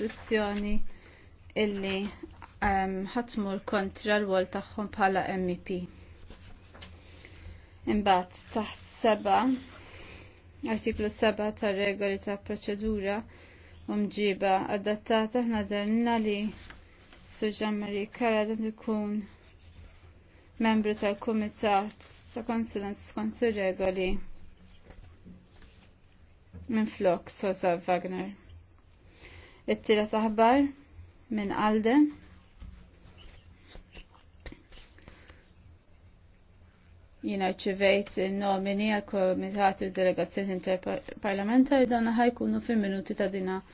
l istruzzjoni illi ehm, ħatmur um, kontra l-wol tagħhom bħala MEP. Imbagħad taħt seba' artiklu 7 tar-regoli ta' proċedura u mġiba adattata ħnaderna li Marie Kara dan ikun membru tal-Kumitat ta' Konsulenz skont ir-regoli minn flok Sosa Wagner it-tira taħbar minn Alde. Jina ċivejt nomini għal komitati u delegazzjoni interparlamentari dan ħajkunu fil-minuti ta' dina